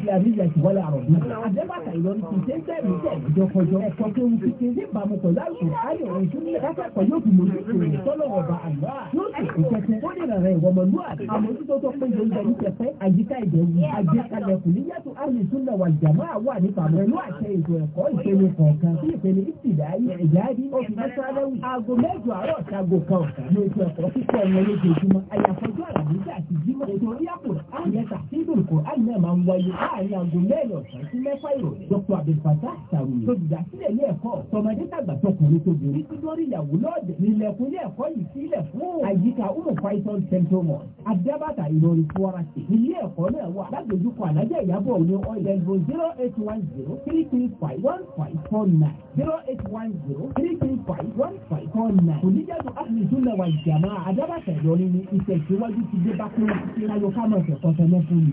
islamiyya ti wọlé àròbí. àdébàtà ìlọrin kì í ṣe tẹ̀ ìjọkọjọ. ẹ̀kọ́ kéwu kíkẹ́ ní ìbámu pẹ̀lú àìsàn ayọ̀ ìṣúnilẹ̀ kákẹ́kọ̀ọ́ yóò fi mòlú ìṣòro tọ́lọ̀ ọ̀bà àlọ́ yóò sì kú kẹ́kẹ́ ó lè rẹ̀ wọ̀mọ̀lúwàbí. àmójútó tó pé gbòǹgbò ní kẹfẹ́ àyíká ìdẹ̀wù àgbékalẹ̀ kùníyàtò ní ètò ẹ̀kọ́ púpọ̀ wọn lójoojúmọ́ àyàfọ́jọ́ àràbíjà láàrin aago mẹ́rin ọ̀sán sí mẹ́fà ìrọ̀lẹ́ dr abdulfatah sàrùn tó dìjà sílẹ̀ ilé ẹ̀kọ́ tọmọdé tàgbà tọkùnrin tó bèrè títọ́rí ìyàwó lọ́ọ̀dẹ̀ nílẹ̀kùn ilé ẹ̀kọ́ yìí sílẹ̀ fún àyíká umu python central mall adabata ìlọrin fúwara sí ilé ẹ̀kọ́ náà wà lágbèjúkọ alájà ìyàbọ̀ ní ọ̀yẹ̀ ẹ̀gbọ́n zero eight one zero three three five one five four nine zero eight one zero three three five one five four nine oníjàdùn ahmed sunna wa ìjàmá adabata ìlọrin ní ìtẹ̀síwájú ti dé bá kúrò kí ayọ̀ká náà fẹ̀ kọ́tẹ́ náà fún mi.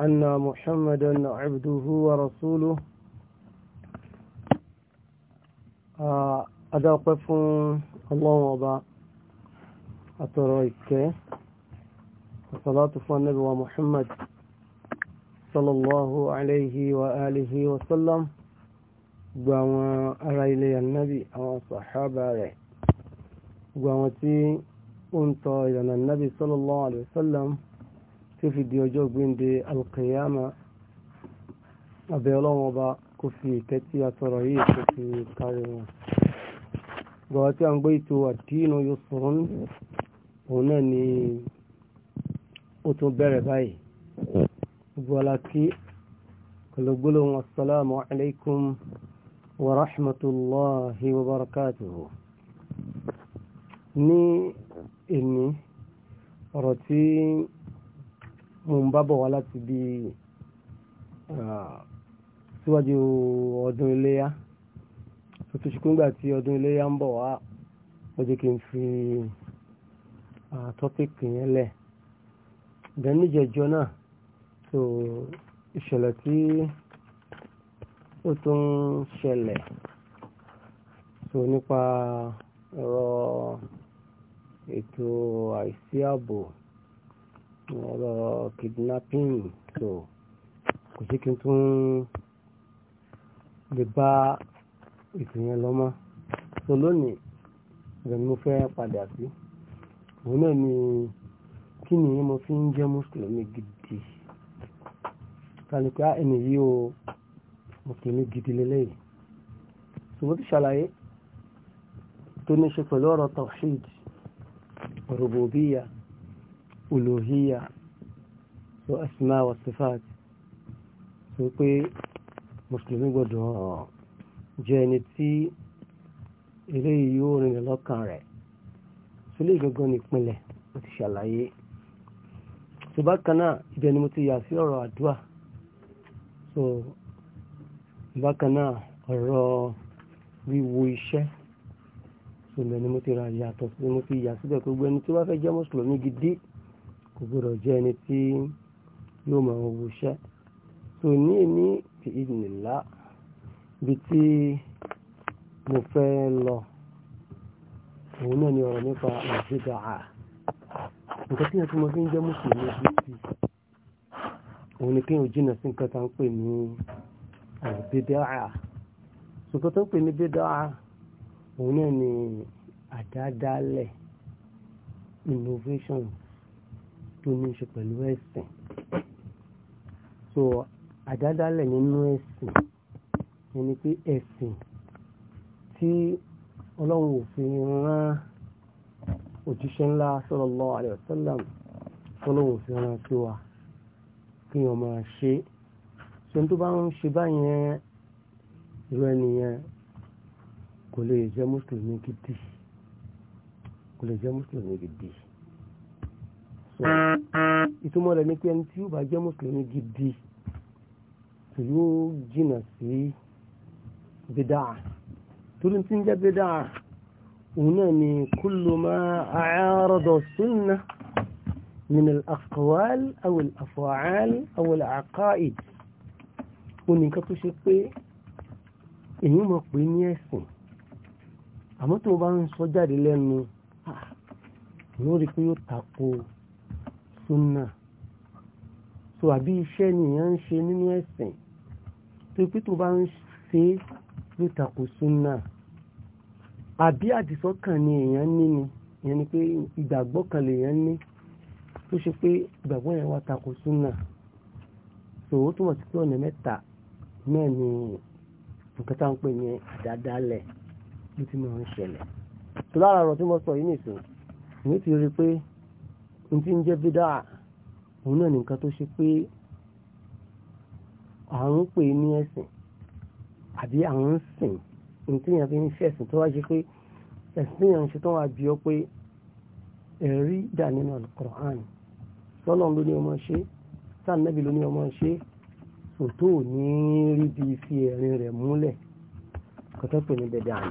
أن محمدا عبده ورسوله آه، أدوق فون الله وضع أترويك الصلاة فون النبي ومحمد صلى الله عليه وآله وسلم وعلى أرى النبي وصحابه وعلى أنت إلى النبي صلى الله عليه وسلم tí ó fi di ọjọ́ gbéǹde alkiyama abẹ́ ọlọ́run ọba kò fi ìkẹ́ tí a sọ̀rọ̀ yìí kò fi kárí wọn. gbọ́dọ̀ tí a ń gbé ètò àdínú yóò sọ̀rọ̀ ní òun náà ni ó tún mo ń bá bọ̀ wá láti bí síwájú ọdún iléyá tuntun ṣùgbọ́n nígbà tí ọdún iléyá ń bọ̀ wá mo jẹ́ kí n fi tọ́pìkì yẹn lẹ̀ bẹ́ẹ̀ níjẹ̀jọ́ náà so ìṣẹ̀lẹ̀ tí ó tún ṣẹlẹ̀ so nípa ọ̀rọ̀ ètò àìsí ààbò ọ̀rọ̀ kidnapping so kò sí kí n tún lè bá ètò yẹn lọ mọ́ so lónìí rẹ̀ mo fẹ́ padà sí òun náà ni kí ni mo fi ń jẹ́ mùsùlùmí gidi kálíkà ah, ẹni yìí o mùsùlùmí gidi lélẹ́yìí ṣùgbọ́n ti ṣàlàyé tó ní ṣe pẹ̀lú ọ̀rọ̀ tawhid rububiyya olùhíyà tó asma wa sifat tó pé mùsùlùmí gbọdọ̀ jẹ́ ẹni tí eléyìí yóò rìnrìn lọ́kàn rẹ̀ tó lè gangan nípìnlẹ̀ mo ti ṣàlàyé tó bá kan náà ibẹ̀ ni mo ti yà sí ọ̀rọ̀ àdúrà tó bákan náà ọ̀rọ̀ wíwo iṣẹ́ tó lẹ́ni mo ti ra yàtọ̀ mo ti yà síbẹ̀ gbogbo ẹni tó bá fẹ́ jẹ́ mùsùlùmí gidi kò gbọdọ̀ jẹ́ ẹni tí yóò máa wọṣẹ́ tó ní ní ìnìlá ibi tí mo fẹ́ lọ òun náà ni ọ̀rọ̀ nípa àjíjà nǹkan tí wọ́n ti mọ fi ń jẹ́ mùsùlùmí bíbí òun ni kí n ò jìnà sí nǹkan tá ń pè ní àbídáà ṣùgbọ́n tó ń pè ní bídáà òun náà ni àdádálẹ̀ innovation tó ní ṣe pẹ̀lú ẹ̀sìn so àdádálẹ̀ nínú ẹ̀sìn ẹni pé ẹ̀sìn tí ọlọ́run ò fi rán òjíṣẹ́ ńlá sallallahu alaihi wasallam ọlọ́run ò fi rán sí wa kí wọ́n máa ṣe ṣe tó bá ń ṣe báyẹn irú ẹnìyẹn kò lè jẹ́ mùsùlùmí gidi kò lè jẹ́ mùsùlùmí gidi so ìtumọ̀ rẹ̀ ni pé ẹni tí ó bá jẹ́ mùsùlùmí gidi tí yóò jìnà sí bídà torí tí ń jẹ́ bídà òun náà ni kullu ma a'arada sunna min al-aqwal aw al-af'al aw tó ṣe pé èyí mọ̀ pé ní ẹ̀sìn àmọ́ tó bá ń sọ jáde lẹ́nu lórí ah, pé yóò tako súnà so àbí iṣẹ́ nìyàn ń ṣe nínú ẹ̀sìn tó pé tó bá ń ṣe ló tako súnà àbí àdìsọ́kàn ni èèyàn ní ni ìyẹn ni pé ìgbàgbọ́ kan lèèyàn ní tó ṣe pé ìgbàgbọ́ yẹn wá tako so ó túmọ̀ sí pé ọ̀nà mẹ́ta náà ni nǹkan tá pè ní àdádálẹ̀ ló ti máa ń ṣẹlẹ̀ lára ọ̀rọ̀ tí mo sọ yìí nìsín ìwé ti rí pé ní ti ń jẹ́ bídà òun náà nìkan tó ṣe pé àwọn pè ní ẹ̀sìn àbí àwọn ń sìn ní tí yẹn fi ń ṣẹ̀sìn tó wá ṣe pé ẹ̀sìn tí yẹn ń ṣe tó wá bí ọ pé ẹ̀rí dà nínú alukur'an sọ́nà ló ní ọmọ ṣe sáànẹ́bì ló ní ọmọ ṣe sòtó ní rí bí fi ẹ̀rin rẹ̀ múlẹ̀ kọ́tọ́pẹ̀ ní bẹ̀dẹ̀ àná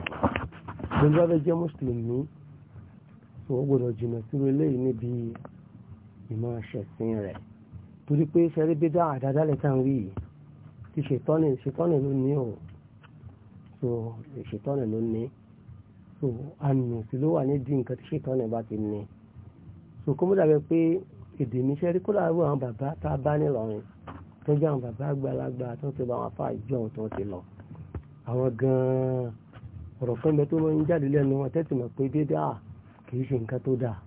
gbogbo abẹ́jẹ́ mùsùlùmí so ó gbọ́dọ̀ jìnà sí eléyìí níbi ìmọ̀ ṣẹ̀sìn rẹ̀ torí pé ṣẹ́rí bí dá àdáda lẹ́tà ń wí yìí ti ṣètọ́nì ṣètọ́nì ló ní o so ṣètọ́nì ló ní so àmì sí ló wà nídìí nǹkan tí ṣètọ́nì bá ti ní so kó mú dàbẹ pé èdè mi ṣẹ́rí kó dàbí àwọn bàbá tá a bá nílọrin tó jẹ́ àwọn bàbá àgbàlagbà tó ti bá wọn fà jọ tó ti lọ àwọn gan-an ọ̀rọ̀ fún mi tó ń jáde lẹ́nu wọn tẹ́tì mọ̀ pé dédé kìí ṣe nǹkan tó dáa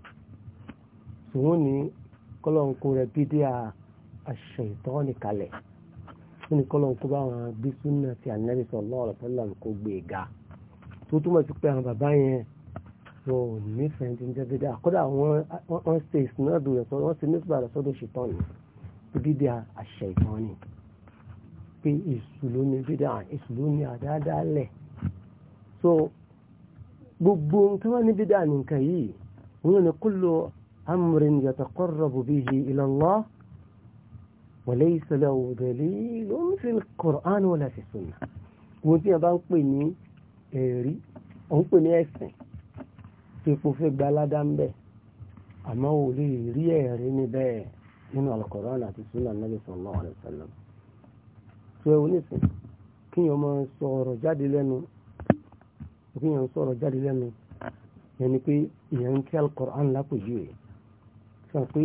ṣùgbọ́n ní kọ́lọ́ǹkó rẹ̀ bídí àṣẹ ìtọ́ nìkalẹ̀ fún ní kọ́lọ́ǹkó bá wọn bí súnà ti ànábì sallallahu alaihi wasallam kó gbé e ga tó túmọ̀ sí pé àwọn bàbá yẹn wọn ò nífẹ̀ẹ́ ti ń jẹ́ bídí àkọ́dà wọ́n ṣe ìsìnàdù rẹ̀ wọ́n ṣe nífẹ̀ẹ́ rẹ̀ sọ́dọ̀ ṣetán ni bídí àṣẹ ìtọ́ ni pé ìṣùlù ni bídí àṣẹ ìṣùlù ni àdáadáa lẹ̀ so gbogbo tó wá níbi dáa nìkan yìí wọn ni kullu amrin yataqarrabu bihi ila Allah wa laysa lahu dalilun fil Qur'an wala fi sunnah wọn tí wọn bá ń pè ní ẹ̀rí òun pè ní ẹ̀sìn tí kò fẹ́ gba aládá ń bẹ̀ àmọ́ ò lè rí ẹ̀rí níbẹ̀ nínú al àti sunnah Nabi sallallahu alaihi wasallam tó ẹ wọlé sìn kíyàn máa sọ pé èèyàn ń sọ̀rọ̀ jáde lẹ́nu yẹn ni pé èèyàn ń kí alukọ̀rán lápòjú rẹ̀ sọ pé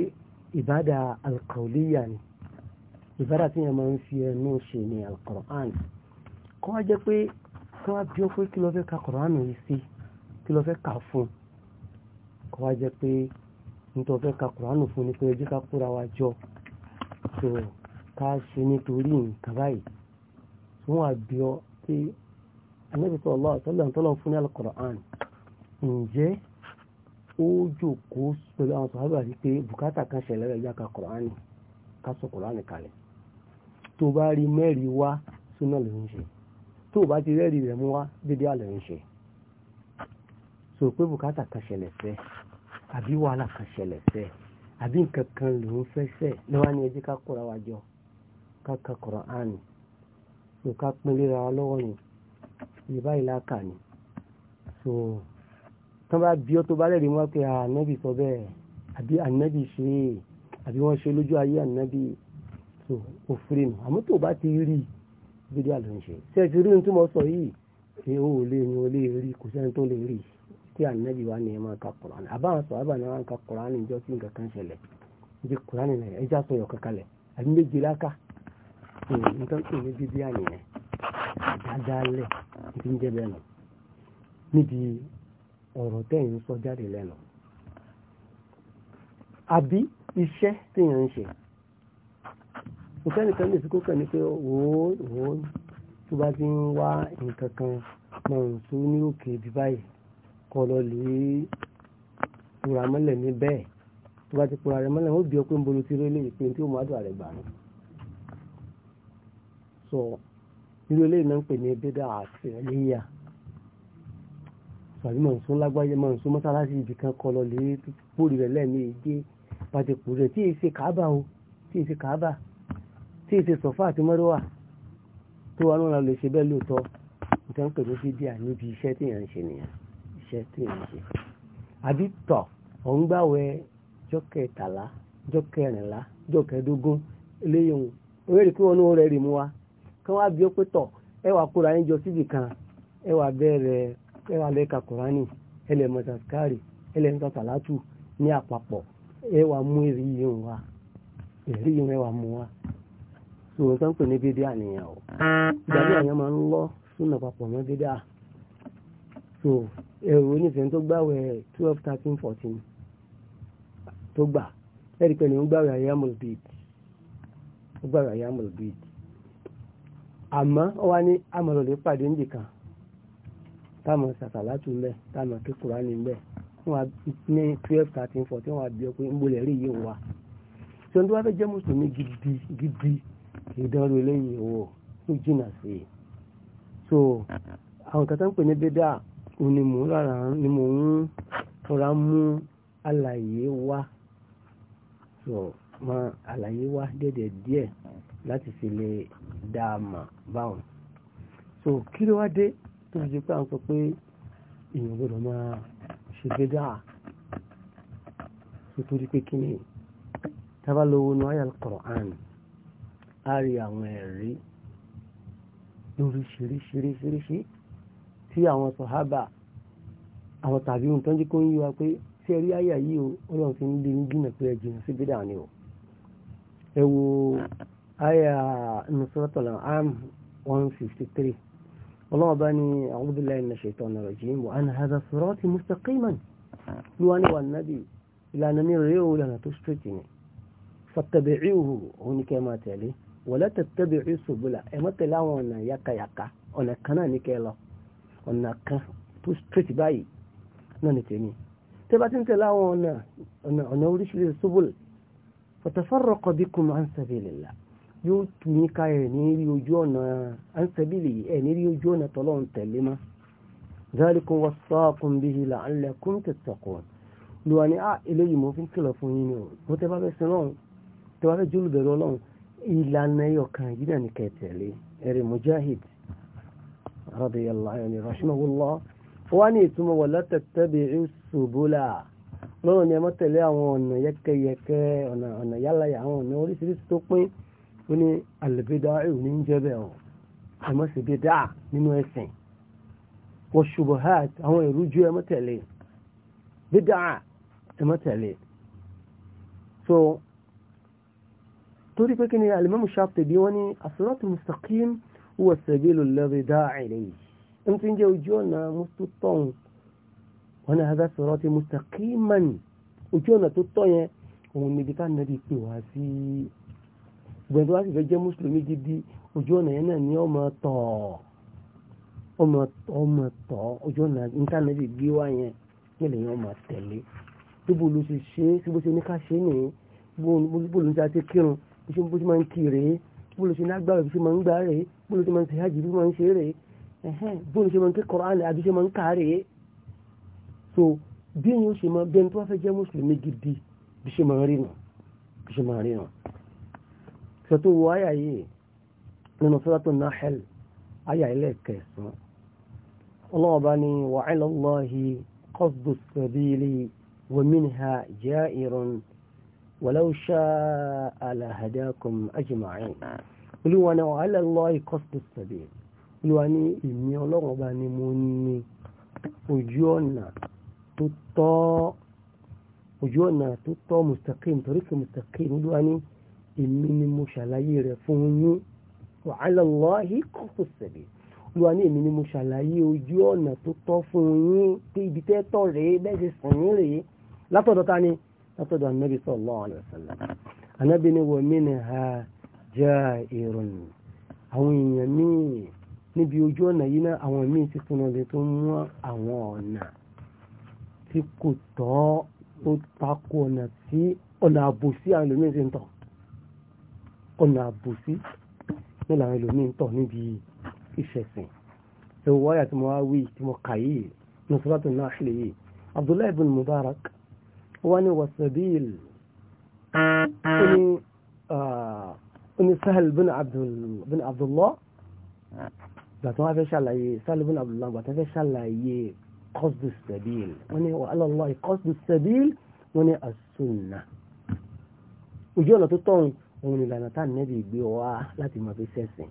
ìbádà alukọ̀ọ́líyà ni ìbádà tí èèyàn máa ń fi ẹnu ṣe ni alukọ̀rán kọ́ wá jẹ́ pé kí wọ́n bí ó pé kí ló fẹ́ ka kọ̀rán yìí sí kí ló fẹ́ kà fún kọ́ wá jẹ́ pé nítorí fẹ́ ka kọ̀rán fún ni pé ojú ká kóra wa jọ ká ṣe nítorí nǹkan báyìí wọ́n wá bí ọ pé Ànábì sallallahu alaihi wasallam tọ́lọ̀ fún ní Al-Qur'an ǹjẹ́ ó jòkóó pẹ̀lú àwọn sọ̀hábà sí pé bùkátà kan ṣẹlẹ̀ rẹ̀ yáka Qur'an ká sọ Qur'an kalẹ̀ tó bá rí mẹ́rin wá súnà ló ń ṣe tó bá ti rẹ́rìí rẹ̀ mú wá dédé àlẹ́ ń ṣe sọ pé bùkátà kan ṣẹlẹ̀ fẹ́ àbí wàhálà kan ṣẹlẹ̀ fẹ́ àbí nǹkan kan ló ń fẹ́ lọ́wọ́ ni ẹjẹ́ ká kóra wa ká ka Qur'an ká pinlera lọ́wọ́ yìí ìbá ìlàkà ni so tán bá bí ọ tó bá lẹ́rìí wọn pé ànábì sọ bẹ́ẹ̀ àbí ànábì ṣe é àbí wọ́n ṣe lójú ayé ànábì so òfin nù àmọ́ tó bá ti rí fídíò àlọ́ ń ṣe ṣe ti rí ohun tí mo sọ yìí ṣé ó lè ní o lè rí kò sẹ́ni tó lè rí tí ànábì wa ni ẹ máa ka kùránì àbáwọn sọ àbáwọn ni wọn ka kùránì ìjọ tí nǹkan kan ṣẹlẹ̀ ìdí kùránì náà ẹja sọ yọ àbí méjìlá ká nǹkan tó ní bíbí àníyàn àdálẹ̀ tí ń jẹ́ bẹ́ẹ̀nù níbi ọ̀rọ̀ tẹ́yìn sọ jáde lẹ́nu àbí iṣẹ́ tẹ́yìn ń ṣe ìfẹ́nìkan lè fi kókè ní pé wòó wòó tó bá ti ń wá nǹkan kan mọ̀ tó ní òkè bí báyìí kọ́ lọ lè pura mọ́lẹ̀ ní bẹ́ẹ̀ tó bá ti pura rẹ̀ mọ́lẹ̀ ó bí ọ ń bolo ti rélé ìpín tí ó mọ́ àdúrà rẹ̀ gbà ní nínú ilé ìná ń pè ní bídà àfẹ́lẹ́yà sàbí mọ̀nsún lágbájá mọ̀nsún mọ́sálásí ibì kan kọ lọ lè pórí rẹ̀ lẹ́ẹ̀mí ìdí pàtẹ́kù rẹ̀ tí èsì kàábà o tí èsì kàábà tí èsì sọ̀fà àti mọ́rọ́wà tó wà náà lè ṣe bẹ́ẹ̀ lóòótọ́ nǹkan pè ní bídà níbi iṣẹ́ tí èèyàn ń ṣe nìyẹn iṣẹ́ tí èèyàn ń ṣe àbí tọ̀ òun gbàwẹ̀ jọ́ kẹtàlá eléyìí òun òun kí wọ́n á bí ó pé tọ̀ ẹ wà kóra yín jọ síbì kan ẹ wà bẹ̀rẹ̀ ẹ wà lẹ́ka kùránì ẹ lẹ̀ mọ̀ sàkárì ẹ lẹ̀ ń sọ sàlátù ní àpapọ̀ ẹ wà mú èrè yìí wá èrè yìí ẹ wà mú wá sọ̀rọ̀ sọ́n pè ní bídí àníyàn o ìgbà àyàn máa ń lọ súnà papọ̀ mọ́ bídí so ẹ̀rọ onífẹ̀ẹ́ tó gbàwẹ̀ twelve thirteen fourteen tó gbà ẹ̀rí pẹ̀lú ń gbàwẹ̀ àyàmùl bíìtì ó gbàwẹ̀ àyàmùl bíìtì àmọ́ ó wá ní amọ̀lọ́lẹ̀ pàdé níbì kan táàmù sàkàlátù ń bẹ̀ táàmù kí kùránì ń bẹ̀ wọn ní twelve thirteen fourteen wọn àbí ọkùnrin ń rí yìí wà tí wọn tó wá fẹ́ jẹ́ mùsùlùmí gidi gidi ìdánwò eléyìí wò ó jìnnà sí i so àwọn kan tó ń pè ní bídà ni mò ń rárá ni mò ń rọra mú àlàyé wá so mọ àlàyé wá déédéé díẹ̀ láti fi lè dá a mà báwọn so kí ló wá dé tó fi ṣe pé à ń sọ pé èèyàn gbọ́dọ̀ máa ṣe gbéga nítorí pé kí ni tábàlówó nu ayal Qur'an á rí àwọn ẹ̀rí lóríṣiríṣiríṣiríṣi tí àwọn sọ̀hábà àwọn tàbí ohun tó ń jẹ́ kó ń yíwa pé tí ẹrí àyà yìí o ọlọ́run fi ń lé ní jìnà pé ẹ jìnà sí bídà ni o ẹ wo aya nusratul am 153 ọlọ́wọ́ bá ní a'udhu billahi minash shaitanir rajim wa anna hadha sirati mustaqiman ní wọ́n ní wà nábì ìlànà mi rèé o ìlànà tó straight ni fattabi'uhu òun ní kẹ́ máa tẹ̀lé wala tattabi'u subula ẹ̀ má tẹ̀lé àwọn ọ̀nà yakayaka ọ̀nà kan náà ní kẹ́ lọ ọ̀nà kan tó straight báyìí subul fatafarraqa bikum an sabilillah yóò tù yín ká ẹ̀ ní rí ojú ọ̀nà ansẹ́bìlì ẹ̀ ní rí ojú ọ̀nà tọ́lọ́run tẹ̀lé mọ́ zalikum wasaakum bihi la'allakum tattaqun ló wà ní à eléyìí mo fi ń kìlọ̀ fún yín ni o mo tẹ́ bá fẹ́ sin lọ́run tẹ́ bá fẹ́ jólù bẹ̀rù ọlọ́run ìlànà ẹyọ kan yìí dà ní kẹtẹ̀lé ẹ̀rẹ̀ mujahid radiyallahu anhu rahimahullah wọ́n ní ìtumọ̀ wala tattabi'u ni ẹ má tẹ̀lé àwọn ọ̀nà yẹ́kẹ́yẹ́kẹ́ ọ̀nà yálàyà àwọn ọ̀nà oríṣiríṣi tó pín ó ní àlùbídà ẹ̀rù ní jẹ́ bẹ́ẹ̀ ọ̀ ẹ̀mọ́ sì bí dáa nínú ẹ̀sìn wọ́n ṣubọ̀ ha àwọn ìrújú ẹ̀mọ́ tẹ̀lé bí dáa ẹ̀mọ́ tẹ̀lé so torí pé kí ni alimami Shatibi wọ́n ní as-siratul mustaqim huwa as-sabilu alladhi da'a ilayhi ẹni tí ń jẹ́ ojú ọ̀nà mustutọ́n wọn náà hadha sirati mustaqiman ojú ọ̀nà tó tọ́ yẹn òun níbi ká nàbí pè wá sí gbẹ̀dọ̀ wá sì fẹ́ jẹ́ mùsùlùmí gidi ojú ọ̀nà yẹn náà ni ọmọ tọ̀ ọmọ tọ̀ ojú ọ̀nà íńtánẹ́ẹ̀tì gbé wá yẹn nílẹ̀ yẹn ọmọ tẹ̀lé bíbo ló ṣe ṣe é bó ṣe ní ká ṣe é nìyí bó ló ń ṣe kírun bó ṣe máa ń kí rèé ló ṣe ní agbára bó máa ń gbá rèé bó ló ṣe máa ń ṣe hajj máa ń ṣe rèé bó ló ṣe máa ń kí Kùránì àbí ṣe máa ń kà so bí èèyàn ṣe máa bí ẹni tó wá fẹ́ jẹ́ mùsùlùmí gidi bí ṣe máa rí nù bí ṣe máa rí nù sọ tó wo àyà yìí nínú Suratul Nahl àyà ilé kẹsàn-án ọlọ́wọ́ bá ní wa 'ala Allahi qasdu sabili wa minha ja'irun walau sha'a lahadakum ajma'in olúwa ní wa 'ala Allahi qasdu èmi ni mo ṣàlàyé rẹ̀ fún yín wa ala Allahi qasdus sabil olúwa ní èmi ni mo ṣàlàyé ojú ọ̀nà tó tọ́ fún yín pé ibi tẹ́ tọ̀ rèé bẹ́ẹ̀ ṣe sùn yín rèé látọ̀dọ̀ ta ni látọ̀dọ̀ anabi sallallahu alaihi wasallam anabi ni wa minha ja'irun àwọn èèyàn míì níbi ojú ọ̀nà yìí náà àwọn míì ti fún ọdẹ tó mú àwọn ọ̀nà tí kò tọ́ ó takò ọ̀nà tí ọ̀nà àbòsí àwọn ẹlòmíì ti ń tọ̀ ọ̀nà àbòsí ní làwọn ẹlòmíín tọ̀ níbi ìṣẹ̀sìn ẹ̀wọ̀ wáyà tí mo wá wí tí mo kà yìí ní sọ́dọ̀tún náà ṣe lè yìí Abdullahi bin Mubarak wọ́n ní wasabil ó ní Sahel bin Abdullah gbàtọ́ wá fẹ́ ṣàlàyé Sahel bin Abdullah gbàtọ́ fẹ́ ṣàlàyé qasdu sabil wọ́n ní wa ala Allahi sabil wọ́n ní as ojú ọ̀nà tó tọ̀hún òun ìlànà tá nẹ́bí gbé wá láti mọ̀ fi sẹ́sìn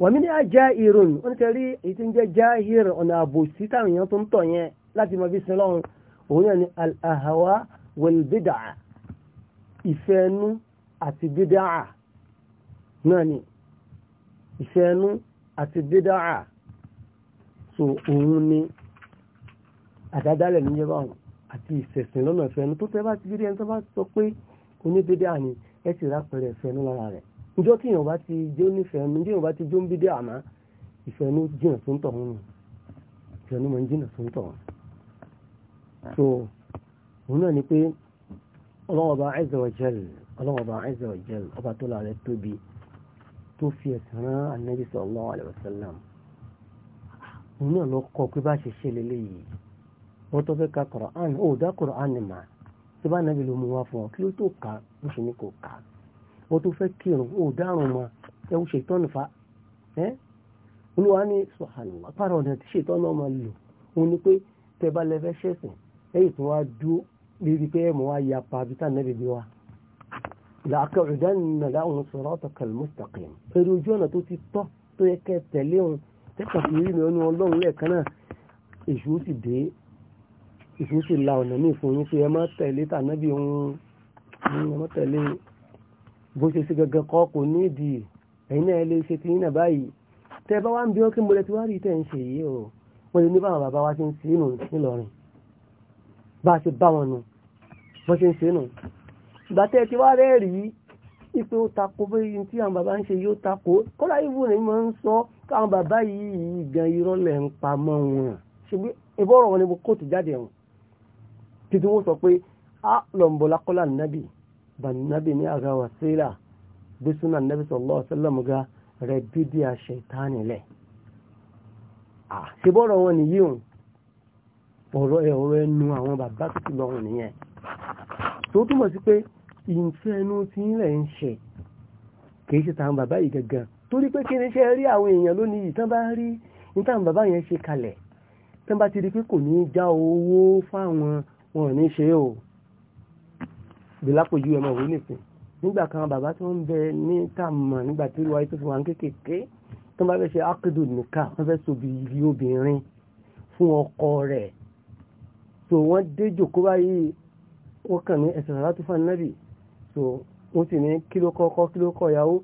wàmí ní ajá irun wọn ti rí èyí tí ń jẹ́ jáhìr ọ̀nà àbòsí táwọn èèyàn tó ń tọ̀ yẹn láti mọ̀ fi sin òun náà ni al ìfẹ́nu àti bídà náà ni ìfẹ́nu àti bídà so òun ni àdádálẹ̀ níjẹ́ báwọn àti ìfẹ̀sìn lọ́nà ìfẹ́nu tó tẹ́ bá ti rí ẹni tó bá sọ pé oníbídà ni ẹ sì rà pẹ̀rẹ̀ ìfẹ́nu lára rẹ̀ njọ́ tí èèyàn bá ti jó nífẹ̀ẹ́ nu njọ́ èèyàn bá ti jó ń bídé àmá ìfẹ́nu jìnà tó ń tọ̀ wọn nù ìfẹ́nu mọ̀ ń jìnà tó ń tọ̀ wọn. so òun náà ni pé ọlọ́wọ́ba azza wa jal ọlọ́wọ́ba azza wa jal ọba tó la rẹ̀ tóbi tó fi ẹ̀sán rán anabi sallallahu alaihi wasallam òun náà lọ kọ pé bá ṣe ṣe lélẹ́yìí wọ́n tó fẹ́ ka Qur'an ó bó ṣe ní kò ká wọ́n tó fẹ́ kírun ó dárùn mọ́ ẹ ó ṣe ìtọ́nù fa ẹ́ olúwa ní subhanallah pàrọ̀ ọ̀nà tí ṣe ìtọ́nù ọmọ lò ó ní pé tẹ bá lẹ́fẹ́ ṣẹ̀sìn ẹ̀yìn tó wá dúró lérí pé ẹ̀mọ́ wá ya pa abita nẹ́bi bí wa làákẹ́ ìdánilá láwọn sọ̀rọ̀ ọ̀tọ̀kẹ̀lẹ̀ mustaqim ní ọmọ tẹ̀lé bó ṣe sí gẹ́gẹ́ kọ́ kò ní ìdí ẹ̀yin náà lè ṣe ti yínà báyìí tẹ́ bá wá ń bí ó kí mo lè ti wá rí tẹ̀ ń ṣe yìí o wọ́n lè ní báwọn bàbá wa ṣe ń ṣe nù nílọrin bá a ṣe bá wọn nù bó ṣe ń ṣe nù ni mo kóòtù jáde wọn títí wọ́n sọ pé a lọ́nbọ̀lá kọ́lá nàbì ban nabi ni aga wasila bi sunan nabi sallallahu alaihi wasallam ga rẹ bídíà ṣẹ̀tánì lẹ̀ ṣe bọ́rọ̀ wọn nìyí òun ọ̀rọ̀ ẹ̀ọ̀rọ̀ ẹnu àwọn bàbá tuntun lọ́rùn nìyẹn tó túmọ̀ sí pé ìfẹ́ ẹnu tí ń lẹ̀ ń ṣe kìí ṣe tàwọn bàbá yìí gangan torí pé kí ni ṣe rí àwọn èèyàn lónìí yìí tán bá rí ní táwọn bàbá yẹn ṣe kalẹ̀ tán ti rí pé kò ní í já owó fáwọn wọn ò ní o bí lápòjú ẹmọ òwe nìsín nígbà kan bàbá tí wọ́n ń bẹ ní tààmà nígbà tí wáyé tó fi wà ń kékèké tó bá fẹ́ ṣe ákédò nìka wọ́n fẹ́ sobi ibi obìnrin fún ọkọ rẹ̀ so wọ́n dé jòkó báyìí wọ́n kàn ní ẹ̀sìn àlá tó fún anábì so wọ́n sì ní kíló kọ́kọ́ kíló kọ́ ìyàwó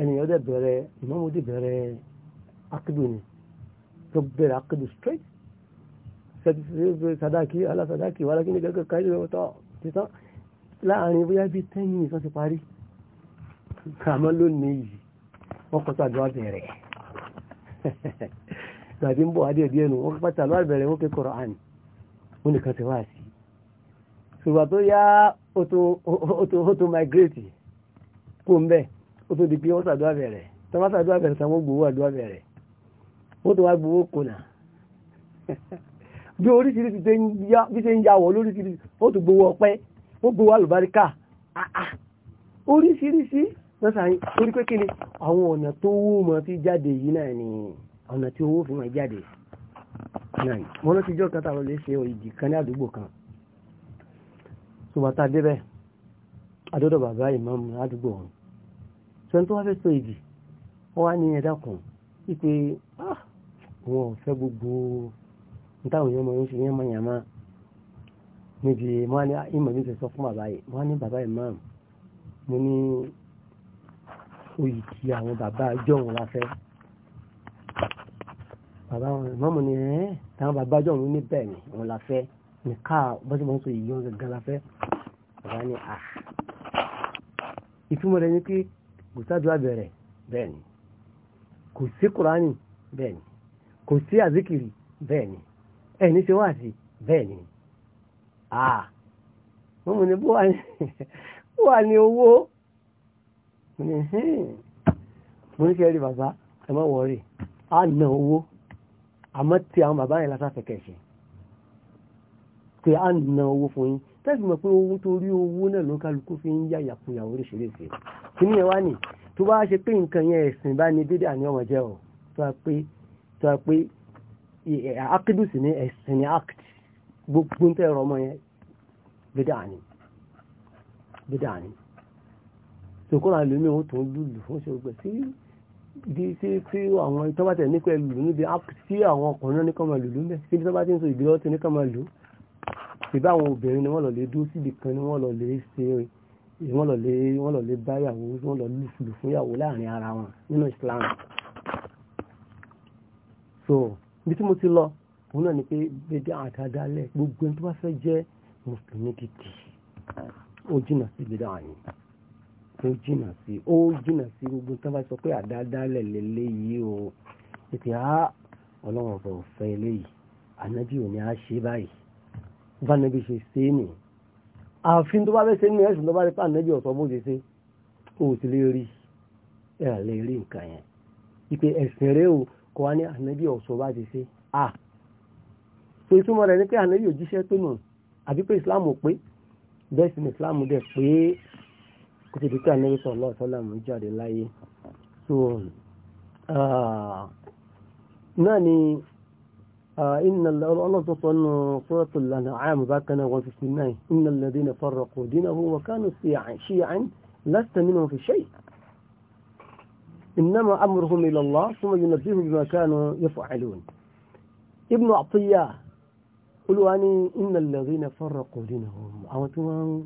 ènìyàn dẹ̀ bẹ̀rẹ̀ ìmọ̀mọ́ dẹ̀ bẹ̀rẹ̀ ákédò ni tó bẹ̀rẹ̀ ákédò straight sẹ́dí sàdáàkì alásàdáàkì wàlákì ní gẹ́gẹ́ káyọ̀ tó ti tán láàrin bóyá bí tẹ́yìn nìkan ti parí àmọ́ lónìí yìí wọ́n kọ́ sàdúrà bẹ̀rẹ̀ tàbí ń bọ̀ adé díẹ̀ nù wọ́n kọ́ sàdúrà bẹ̀rẹ̀ wọ́n kẹ́kọ̀ọ́ àn wọ́n nìkan ti wá sí ṣùgbọ́n tó yá ó migrate kó ń bẹ̀ ó di pé wọ́n sàdúrà bẹ̀rẹ̀ tó bá sàdúrà bẹ̀rẹ̀ sàwọn gbowó àdúrà bẹ̀rẹ̀ wọ́n tó wá gbowó kùnà bí oríṣiríṣi bí ṣe ń yá wọ̀ lóríṣiríṣi ó tó gbowó ó gbé wà lùbáríkà ah, ah. oríṣiríṣi lọ́sàn-án torí pé kí ni àwọn ọ̀nà tó wó mọ́ fi jáde yìí náà ni ọ̀nà tí owó fi mọ́ jáde náà ni mo rántí jọ́ kátà lọ́lẹ́ ṣe ìdì kan ní àdúgbò kan ṣùgbọ́n tá a débẹ̀ adọ́dọ̀ bàbá ìmáàmù àdúgbò ọ̀hún ṣẹ́ni tó wá fẹ́ sọ ìdì wọ́n wá ní ẹ̀dá kan wípé ah, wọn ò fẹ́ gbogbo nítawọn èèyàn máa ń ṣe yẹn mọ̀nyàmá níbi mo ní ah, ìmọ̀ mi ti sọ fún bàbá yìí mo ní bàbá imam mo ní oyè tí àwọn bàbá jọ̀hún la fẹ́ bàbá imam ni ẹ́ táwọn bàbá jọ̀hún ní bẹ́ẹ̀ ni òun la fẹ́ ní káà bọ́sí bọ́sí yìí yóò gan la fẹ́ bàbá ni à ah. ìtumọ̀ rẹ̀ ni pé kò sádùá bẹ̀rẹ̀ bẹ́ẹ̀ ni kò sí kùránì bẹ́ẹ̀ ni kò sí àzíkìrì bẹ́ẹ̀ ni ẹ̀ ní ṣe wáàsí bẹ́ẹ̀ ni wọ́n mú ní bó wà ní owó mo ní kẹrí bàbá ẹ má wọrí á ná owó àmọ́ tí àwọn bàbá yẹn lásán fẹ̀kẹ̀ ṣe pé á ná owó fún yín tẹ́sí mọ̀ pé owó tó rí owó náà ló kálukú fi ń yá ìyàkuyà oríṣiríṣi kí ni ẹ wá nì tó bá ṣe pé nǹkan yẹn ẹ̀sìn bá ní bídà ní ọmọ jẹ́ ọ̀ tó a pé tó a pé akidu ní ẹ̀sìn ní act gbogbo tẹ́ ọmọ yẹn bídà ni bídà ni sòkòrò àlùmí ó tó lùlù fún ṣògbẹ́ sí di sí sí àwọn ìtọ́bàtẹ̀ ní pẹ̀lú lùlù níbi sí àwọn ọkùnrin náà ní kọ́mọ lùlù mẹ́ sí ibi tọ́bàtẹ̀ ń so ìgbéyàwó ti ní kọ́mọ lù ba àwọn obìnrin ni wọ́n lọ lè dúró síbi kan ni wọ́n lọ lè ṣe wọ́n lọ lè wọ́n lọ lè bá yàwó wọ́n lọ lùlù fún yàwó láàrin ara wọn nínú Islam so bí tí mo ti lọ òun náà ni pé bídà àtàdálẹ̀ gbogbo ẹni tó bá fẹ́ jẹ́ mùsùlùmí gidi ó jìnà sí ibi dáhà yìí ó jìnà sí ó jìnà sí gbogbo tó bá sọ pé àdáadáalẹ̀ lélẹ́yìí o ètò á ọlọ́run ọ̀bọ̀ ọ̀fẹ́ eléyìí ànábì ò ní á ṣe báyìí bá nàbí ṣe ṣe é nì ààfin tó bá fẹ́ ṣe ní ẹ̀sùn tó bá rí pé ànábì ọ̀sọ́ bó ṣe ṣe ó ti lè rí ẹ̀ àlẹ́ rí nǹkan yẹn ìpè ẹ̀sìn rẹ o kò wá ní ànábì ọ̀sọ́ bá ti ṣe à so ìtumọ̀ rẹ̀ ni pé ànábì òjíṣẹ́ tó nù àbí pé islam ò pé bẹ́ẹ̀ sì ni islam dẹ̀ pé kò tètè pé ànábì sallallahu alaihi wasallam jáde láyé so náà ni inna ọlọ́run tó sọ nù suratul an'am bákan náà one fifty nine innal ladhina farraqu dinahum wa kanu shi'an lasta minhum fi shay' innama amruhum ila Allah thumma yunabbihuhum bima kanu yaf'alun ibnu Atiyya olúwa ní innal ladhina farraqu dinahum àwọn tí wọ́n ń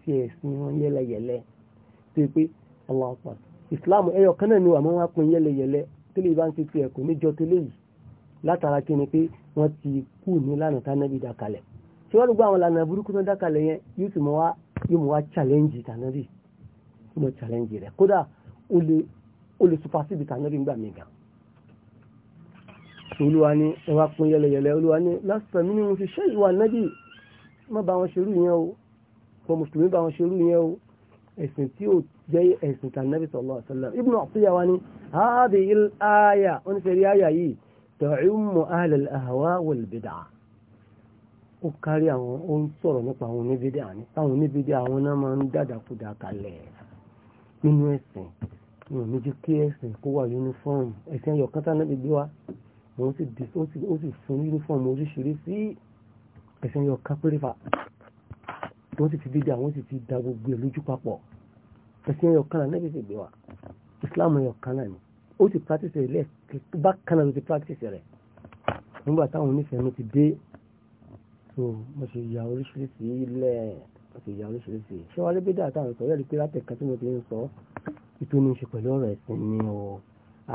fi ẹ̀sìn wọn yẹ́lẹyẹ̀lẹ́ tó pé Allahu Akbar islam ẹyọ kan náà ni àmọ́ wọn pin yẹ́lẹyẹ̀lẹ́ tó lè bá ń fi ẹ̀kọ́ níjọ tó léyìí látara kí ni pé wọ́n ti kú ní lánàá tánábì dákalẹ̀ tí wọ́n gbọ́ àwọn lànà burúkú tó dákalẹ̀ yẹn yóò sì mọ́ wá yóò mọ́ wá challenge tánábì yóò mọ́ challenge rẹ̀ kódà ó lè ó lè supersede ń gbà mí gan so olúwa ní ẹ wá pín yẹlẹyẹlẹ olúwa ní lásìkò mi ni mo fi ṣe ìwà nábì má bá wọn ṣerú yẹn o mo mùsùlùmí bá wọn ṣerú yẹn o ẹ̀sìn tí ó jẹ́ ẹ̀sìn tàn nábì sallallahu alaihi wasallam Ibn Atiyya wa ní ààbì ayà wọn ní fẹ́rí ayà yìí ta'ummu ahla al-ahwa wal-bid'ah ó kárí àwọn ó ń sọ̀rọ̀ nípa àwọn oníbídé àní táwọn oníbídé àwọn náà máa ń dàdàkudà kalẹ̀ nínú ẹ̀sìn wọn ò ní jẹ́ kí ẹ̀sìn kó wà uniform ẹ̀sìn ẹ̀yọ̀kan náà ti gbé wa ó sì fún uniform oríṣiríṣi ẹ̀sìn yọ kápẹ́rẹ́fà tó sì ti dídá àwọn sì ti da gbogbo ẹ̀ lójú papọ̀ ẹ̀sìn yọ kánà náà sì gbé wa Islam yọ kánà ni ó ti practice rẹ̀ bá kánà ló ti practice rẹ̀ nígbà táwọn onífẹ̀ẹ́ ló ti dé so mo ṣe ya oríṣiríṣi ilẹ̀ mo ṣe ya oríṣiríṣi ṣé wàá lébédà táwọn sọ yẹ́rìí pé látẹ̀ka tí mo ti ń sọ ìtòmíṣe pẹ̀lú ọ̀rọ̀ ẹ̀sìn ni o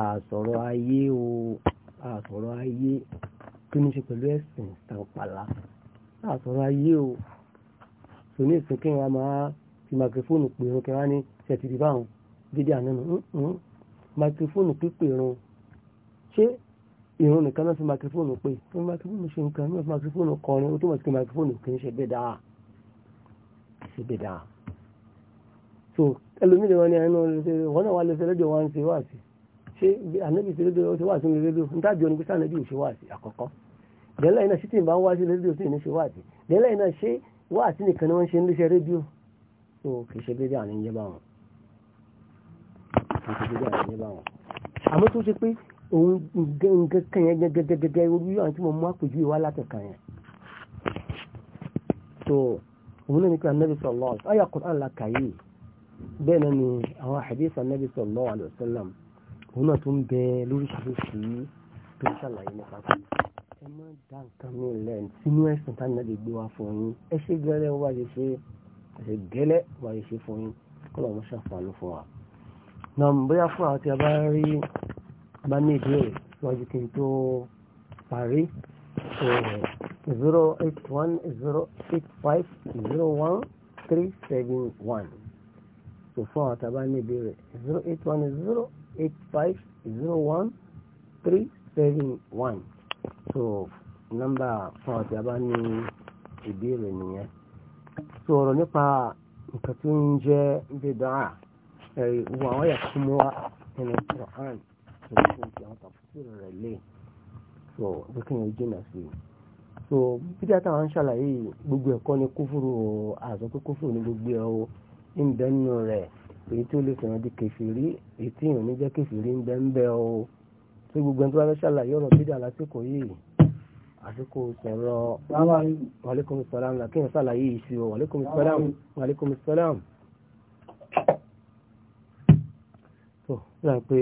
àsọ̀rọ̀ ayé o àsọ̀rọ̀ ayé tó ní ṣe pẹ̀lú ẹ̀sìn tàǹpàlà àsọ̀rọ̀ ayé o tò ní ìsìn kí wọn máa fi microphone pè wọn kí wọn ní ṣètìlì báwọn dídí ànánu microphone pípè run ṣé ìrun nìkan náà fi microphone pè fún microphone ṣe nǹkan náà fi microphone kọrin ó túmọ̀ sí pé kì í ṣe bẹ́ẹ̀ dáa ṣe bẹ́ẹ̀ dáa so ẹlòmíràn wọn ni ẹnu wọn náà wà lẹsẹ lẹjọ wọn ṣe wá sí ṣé ànábì ṣe rédíò ó ti wà sínú rédíò ń dájọ́ ni pé sànábì ò ṣe wà sí àkọ́kọ́ dẹ́lá iná sí tí ìbá ń wá sí rédíò sí ìní ṣe wà sí dẹ́lá iná ṣé wà sí nìkan ni wọ́n ṣe ń léṣe rédíò tó kì í ṣe dédé àní yẹn bá wọn kì í ṣe dédé àní yẹn bá wọn. àmọ́ tó ṣe pé òun nǹkan kan yẹn gẹ́gẹ́gẹ́gẹ́ orí àwọn tí mo mú àpèjú ìwá látẹ̀ka yẹn. tó òun náà tó ń bẹ lóríṣiríṣi tó ṣàlàyé nípa fún ẹ má dá nǹkan mi lẹ sínú ẹsùn táwọn náà lè gbé wá fún yín ẹ ṣe gẹ́lẹ́ wá lè ṣe ẹ gẹ́lẹ́ wá lè ṣe fún yín kó lọ́wọ́ ṣàfàánú fún wa. nà bóyá fún àwọn tí a bá rí bá ní ìbéèrè síwájú kí n tó parí eh, zero eight one zero eight five zero one three seven one. sọ fún àwọn tí a bá ní ìbéèrè zero eight one zero eight five zero one three seven one so nọ́mbà fún ọ̀tí abá ní ìbéèrè nìyẹn sọ̀rọ̀ nípa nǹkan tí ń jẹ́ bídà ẹ̀rí gbogbo àwọn yàtọ̀ tó mú wa nínú Quran tó ń fún ìyàwó tàfsírì rẹ̀ lé so lókè yẹn jìnnà sí i so bídà táwọn ń ṣàlàyé gbogbo ẹ̀kọ́ ni kófòrò àzọ kófòrò ní gbogbo ẹ̀ o ń bẹ́ẹ̀ nínú rẹ̀ èyí tó lè sọ̀rọ̀ di kẹfìrí èyí tí ìrìn ní jẹ́ kẹfìrí ń bẹ́ ń bẹ́ o tí gbogbo ẹni tó bá fẹ́ ṣàlàyé ọ̀rọ̀ bídà lásìkò yìí àsìkò sọ̀rọ̀ wàlékùn sàlám làkíyàn ṣàlàyé ìṣe o wàlékùn sàlám wàlékùn sàlám. tó yà pé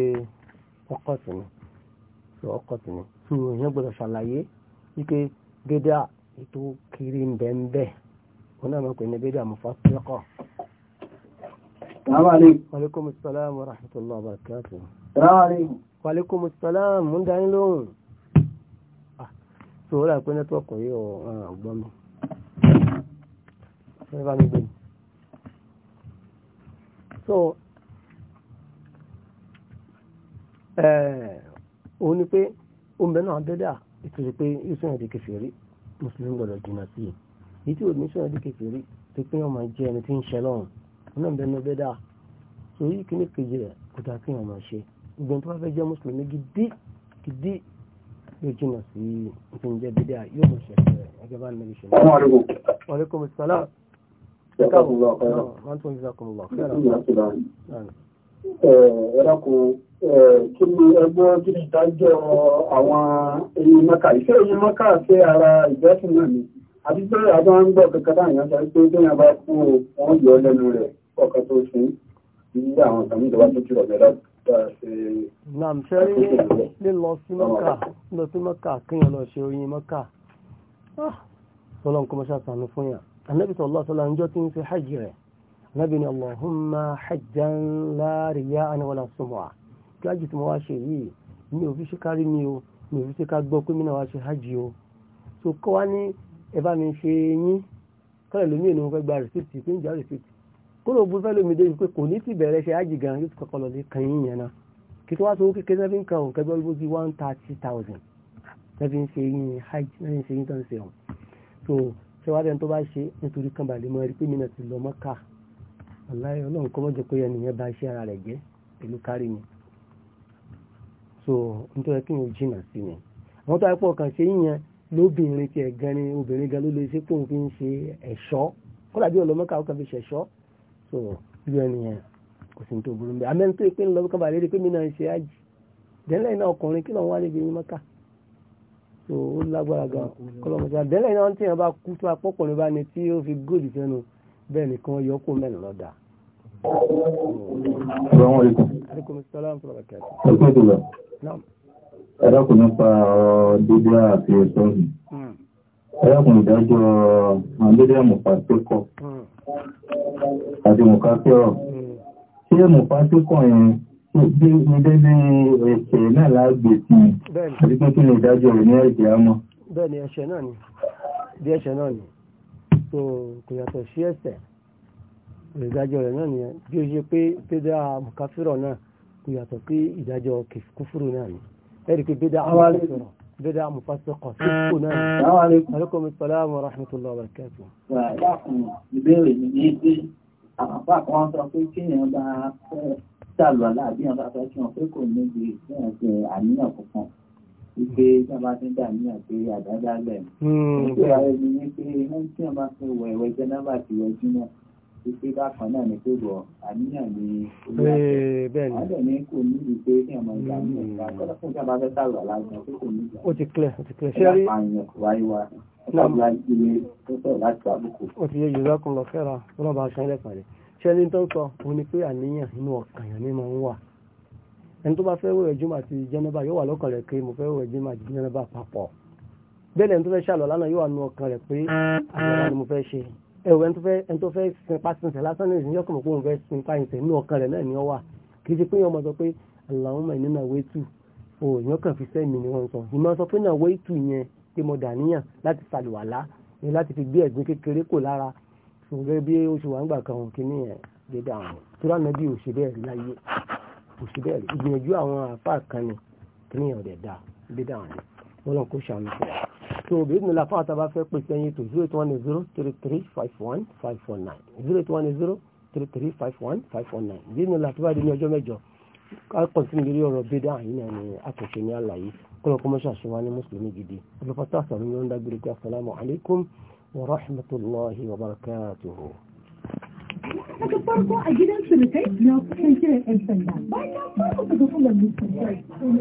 ọkọ̀ tì ní tó ọkọ̀ tì ní tó ìyẹn gbọ́dọ̀ ṣàlàyé wípé bídà ètò kiri ń bẹ́ ń bẹ́ òun náà mọ̀ pé ní bídà mọ̀ fásitì السلام عليكم وعليكم السلام ورحمة الله وبركاته السلام عليكم وعليكم السلام من دعين لون سهولة أكون أتوقع أبامي أبامي بني so òun ni pé oúnjẹ náà dẹ́dà ìtòsí pé ìsúná di kèfèrí mùsùlùmí gbọdọ̀ jìnnà sí i èyí tí òun ní ìsúná di kèfèrí ti ọmọ jẹ́ ẹni tí ń ṣe ọ̀nà ìbẹ̀nu bẹ́dà so yìí kí ní kejì rẹ̀ kò dá kí èèyàn máa ṣe gbogbo tó bá fẹ́ jẹ́ mùsùlùmí gidi gidi yóò jìnà sí tó ń jẹ́ bídà yóò mọ̀ ṣe ẹ̀ṣẹ̀ ẹgbẹ́ bá nàbí ṣe náà. wàlẹ́kùn sàlám. wọ́n tún ń sàkùn lọ. ẹ̀ẹ́dàkùn ni ẹgbọ́n kí ni ìdájọ́ àwọn ẹyin mọ́kà ìfẹ́ ẹyin pé àwọn wọ́n bá kú wọn yọ lẹ́nu rẹ̀ kọ̀ọ̀kan tó ṣe nígbà àwọn kan níjọba tó jùlọ bẹ̀rẹ̀ Nam ṣẹ́rí lílọ sí Mọ́kà lọ sí Mọ́kà kíyàn lọ ṣe oyin Mọ́kà. Sọ́lọ́n ah, kọmọ ṣàṣàánú fún yà. Ànábì sallallahu alaihi wasallam ń jọ tí ń fi hajj rẹ̀. Ànábì ni Allahumma hajjan la riya'an wala sum'a. Kí hajj tí mo wá ṣe yìí, mi ò fi ṣe kárí mi o, mi ò fi ṣe ká gbọ́ pé mi náà wá ṣe hajj o. So kó ló burú fẹ́ lómi débi pé kò ní ti bẹ̀rẹ̀ ṣe ájì gan yóò ti kọ́kọ́ lọ sí kan yẹn náà kí tó wá tó kékeré náà fi ń kan òun kẹgbẹ́ olúbó sí one thirty thousand náà fi ń ṣe yín hajj náà fi ń ṣe yín tán ṣe hàn so ṣé wàá dẹ́n tó bá ṣe nítorí kan bàlẹ́ mọ́ rí pé mi náà ti lọ mọ́kà aláì ọlọ́run kọ́ mọ́jọ pé ẹnìyẹn bá iṣẹ́ ara rẹ̀ jẹ́ pẹ̀lú kárí mi so nítorí kí n ò jìnnà sí mi àwọn tó àìpọ̀ kàn ṣe yíyan lóbìnrin tiẹ̀ gan ni obìnrin gan ló lè ṣe pé òun fi ń ṣe ẹ̀ṣọ́ kó dàbí ọlọ́mọ́kà ó kàn fi ṣẹ̀ṣọ́ so bí ẹni yẹn kò sí ní tó burú mi àmẹ́ni tó ìpín lọ́wọ́ kábàárẹ̀ rí pé mi náà ṣe ájì dẹ́lẹ̀ iná ọkùnrin kí lọ́n wá níbi yín mọ́kà so ó lágbára gan kọlọmọsí àdẹ́lẹ̀ iná tí yẹn bá kú tó apọ́kùnrin bá ní tí ó fi góòdì sẹ́nu bẹ́ẹ̀ nìkan yọ kó mẹ́rin lọ́dà. ẹ̀rọ kò ní pa ọ̀rọ̀ dídá àti ẹ̀sọ́ yìí. Hmm ẹ̀rọ̀kùn ìdájọ́ nàìjíríà mùfàtíkọ̀ àti mùfàtíọ̀ tí è mùfàtíkọ̀ yẹn bí i dédé ẹ̀ṣẹ̀ náà láàgbé sí àti pé kí ni ìdájọ́ rẹ̀ ní ẹ̀jẹ̀ àmọ́ bẹ́ẹ̀ni ẹ̀ṣẹ̀ náà ni bí ẹ̀ṣẹ̀ náà ni tó kò yàtọ̀ sí ẹ̀ṣẹ̀ ìdájọ́ rẹ̀ náà nìyẹn bí ó ṣe pé pédà mùkàfírọ̀ náà kò yàtọ̀ sí ìdájọ́ kùfúrù náà ni ẹ̀rí pé pédà mùkàfírọ̀ bídá mufasiqah tó kù náà. aleykum salaam wa rahmatullahi wa barakatuh. láàkùn ìbéèrè mi ní pé àpapọ̀ kan sọ pé kéèyàn bá fẹ́ sàlù aláàbíyàn bá fẹ́ kí wọn pé kò níbi ìfihàn ṣe àníyàn kankan ìgbé tí wọn bá ti ń dà níyàn pé àdájá lẹ̀. ìgbé ara ẹni ní pé wọ́n tí wọn bá fẹ́ wọ ẹ̀wẹ̀ jẹ́ náà bá ti wọ ẹjú náà wípé bákan náà ni pé bọ̀ àníyàn ni olùyàtọ̀ àwọn dẹ̀ ní kò níbi pé kí ọmọ ìgbà ní hmm. ìgbà kọ́lá fún ìjọba fẹ́ sáré aláìsàn pé kò níbi. ó ti clear ó ti clear ṣé rí àyàn wáyé wa ọ̀la ilé tó sọ̀rọ̀ láti àbùkù. ó ti yẹ yorùbá kan lọ fẹ́ra wọn bá aṣọ ilẹ̀ pàdé ṣé ní tó ń sọ òun ni pé àníyàn inú ọkàn yẹn ni ń wà ẹni tó bá fẹ́ wẹ̀ jùmọ̀ àti jẹ́nẹ́bà yóò wà lọ́kàn rẹ̀ pé mo fẹ́ wẹ̀ jùmọ̀ àti jẹ́nẹ́bà papọ̀ bẹ́ẹ̀ lẹ́ni tó fẹ́ ṣàlọ́ lánàá yóò wà nù ọkàn rẹ̀ pé àlọ́ ni mo fẹ́ ṣe ẹ̀wọ̀ ẹni tó fẹ́ sin pásítọ̀nsẹ̀ lásán ní ìsìn yọkùnrin kó ń fẹ́ sin pàyìntẹ̀ inú ọkàn rẹ̀ náà ni ó wà kì ṣe pé yọmọ sọ pé Allahumma inni nawaitu o èèyàn kàn fi sẹ́mi ni wọ́n sọ ìmọ̀ sọ pé nawaitu yẹn pé mo dàníyàn láti ṣàlùwàlá ni láti fi gbé ẹ̀gbin kékeré kò lára ṣùgbọ́n bí ó ṣe wà ń gbà kan òun kìíní ẹ̀ dédé àwọn tura nàbí òṣèbẹ́ẹ̀ rí láyé òṣèbẹ́ẹ̀ rí ìgbìyànjú àwọn àfáà kan ni kìíní ẹ̀ ọ̀dẹ̀ dáa dédé àwọn ọlọ́run kò ṣàmì fún wa tó o bèèrè nílá fún àtàbà fẹ́ pèsè ẹyin tó zero eight one zero three three five one five four nine zero eight one zero three three five one five four nine bèèrè nílá tó bá di ní ọjọ́ mẹ́jọ kọ́ńtínú lórí ọ̀rọ̀ bídà yìí náà ni àtúnṣe ní àlàyé kọ́lọ́ kọ́mọ́ṣà ṣe wá ní mùsùlùmí gidi ọlọ́pàá àṣàrò ní ọ̀ndà gbèrè pé asalaamu alaykum wa rahmatulahi wa barakatuhu.